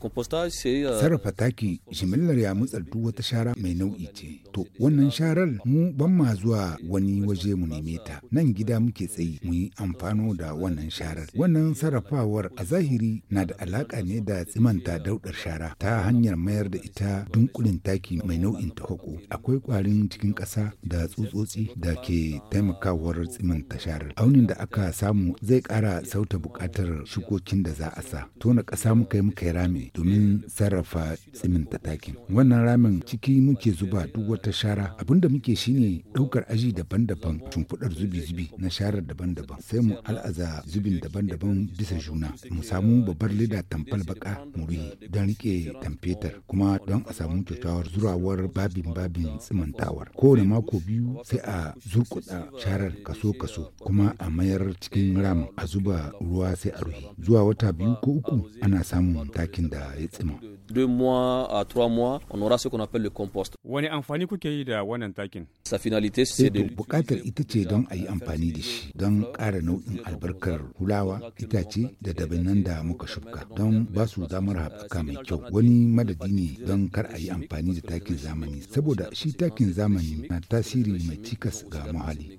Sarrafa taki jimillar ya duk wata shara mai nau'i ce. To wannan sharar mu ban ma zuwa wani waje mu neme ta. Nan gida muke tsayi mu yi amfano da wannan sharar. Wannan sarrafawar a zahiri na da alaka ne da tsimanta daudar shara ta hanyar mayar da ita dunkulin taki mai nau'in tahoko. Akwai kwarin cikin ƙasa da tsutsotsi da ke taimakawar tsimanta sharar. Aunin da aka samu zai ƙara sauta buƙatar shukokin da za a sa. Tona ƙasa muka yi muka yi rami domin sarrafa tsiminta takin. Wannan ramin ciki muke zuba duk wata shara. Abin da muke shine ɗaukar aji daban-daban, cunkuɗar zubi-zubi na sharar daban-daban. Sai mu al'aza zubin daban-daban bisa juna. Mu samu babbar leda tamfal baka mu ruhi don rike tamfetar kuma don a samu kyakkyawar zurawar babin-babin tsimantawa. Kowane mako biyu sai a zurkuɗa sharar kaso-kaso kuma a mayar cikin ramin a zuba ruwa sai a ruhi. Zuwa wata biyu ko uku ana samun takin da et c'est moi. deux mois à trois mois, on aura ce qu'on appelle le compost. Wani amfani kuke yi da wannan takin? Sa finalité c'est eh, de bukatar ita ce don a yi amfani da shi don ƙara nau'in albarkar hulawa, itace da dabinan da muka shuka don ba su damar haɓaka mai kyau. Wani madadi ne don kar a yi amfani da takin zamani saboda shi takin zamani na tasiri mai cikas ga muhalli.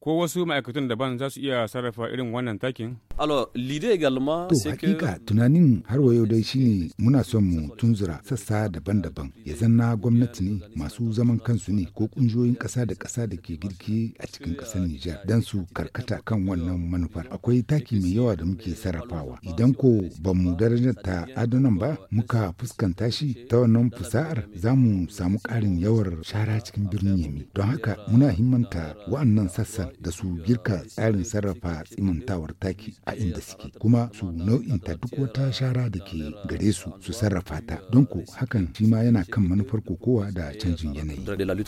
Ko wasu ma'aikatan daban za su iya sarrafa irin wannan takin? Alors, l'idée également, hakika tunanin har wa yau dai shine muna son mu tunzura sassa daban-daban ya zanna gwamnati ne masu zaman kansu ne ko kungiyoyin ƙasa da ƙasa da ke girki a cikin ƙasar Nijar don su karkata kan wannan manufar. Akwai taki mai yawa da muke sarrafawa. Idan ko ba mu ta adunan ba muka fuskanta shi ta wannan fusa'ar za mu samu ƙarin yawar shara cikin birnin yami Don haka muna himmanta wa'annan sassa da su girka tsarin sarrafa tsimantawar taki a inda suke kuma su nau'inta duk wata shara da ke gare gare su su sarrafa ta don ku hakan shi ma yana kan manufar kokowa da canjin yanayi.